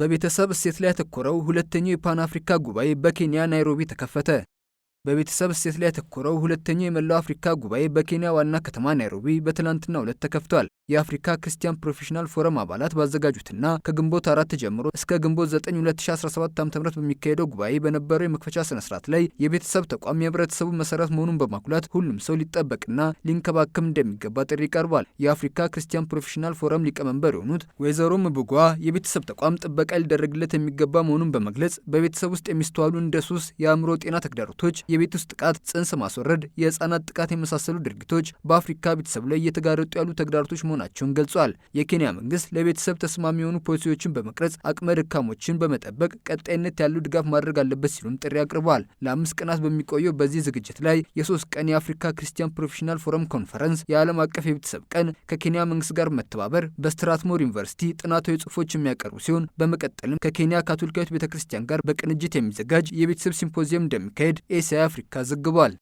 በቤተሰብ እሴት ላይ ያተኮረው ሁለተኛው የፓን አፍሪካ ጉባኤ በኬንያ ናይሮቢ ተከፈተ። በቤተሰብ እሴት ላይ ያተኮረው ሁለተኛው የመላው አፍሪካ ጉባኤ በኬንያ ዋና ከተማ ናይሮቢ በትናንትናው ዕለት ተከፍቷል። የአፍሪካ ክርስቲያን ፕሮፌሽናል ፎረም አባላት ባዘጋጁትና ከግንቦት አራት ጀምሮ እስከ ግንቦት 9 2017 ዓ.ም በሚካሄደው ጉባኤ በነበረው የመክፈቻ ስነ ስርዓት ላይ የቤተሰብ ተቋም የህብረተሰቡ መሰረት መሆኑን በማኩላት ሁሉም ሰው ሊጠበቅና ሊንከባከብ እንደሚገባ ጥሪ ቀርቧል። የአፍሪካ ክርስቲያን ፕሮፌሽናል ፎረም ሊቀመንበር የሆኑት ወይዘሮ ምብጓ የቤተሰብ ተቋም ጥበቃ ሊደረግለት የሚገባ መሆኑን በመግለጽ በቤተሰብ ውስጥ የሚስተዋሉ እንደ ሱስ፣ የአእምሮ ጤና ተግዳሮቶች የቤት ውስጥ ጥቃት፣ ጽንስ ማስወረድ፣ የህጻናት ጥቃት የመሳሰሉ ድርጊቶች በአፍሪካ ቤተሰብ ላይ እየተጋረጡ ያሉ ተግዳሮቶች መሆናቸውን ገልጿል። የኬንያ መንግስት ለቤተሰብ ተስማሚ የሆኑ ፖሊሲዎችን በመቅረጽ አቅመ ደካሞችን በመጠበቅ ቀጣይነት ያለው ድጋፍ ማድረግ አለበት ሲሉም ጥሪ አቅርበዋል። ለአምስት ቀናት በሚቆየው በዚህ ዝግጅት ላይ የሶስት ቀን የአፍሪካ ክርስቲያን ፕሮፌሽናል ፎረም ኮንፈረንስ፣ የዓለም አቀፍ የቤተሰብ ቀን፣ ከኬንያ መንግስት ጋር መተባበር በስትራትሞር ዩኒቨርሲቲ ጥናታዊ ጽሑፎች የሚያቀርቡ ሲሆን በመቀጠልም ከኬንያ ካቶሊካዊት ቤተ ክርስቲያን ጋር በቅንጅት የሚዘጋጅ የቤተሰብ ሲምፖዚየም እንደሚካሄድ ኤሲያ አፍሪካ ዘግቧል።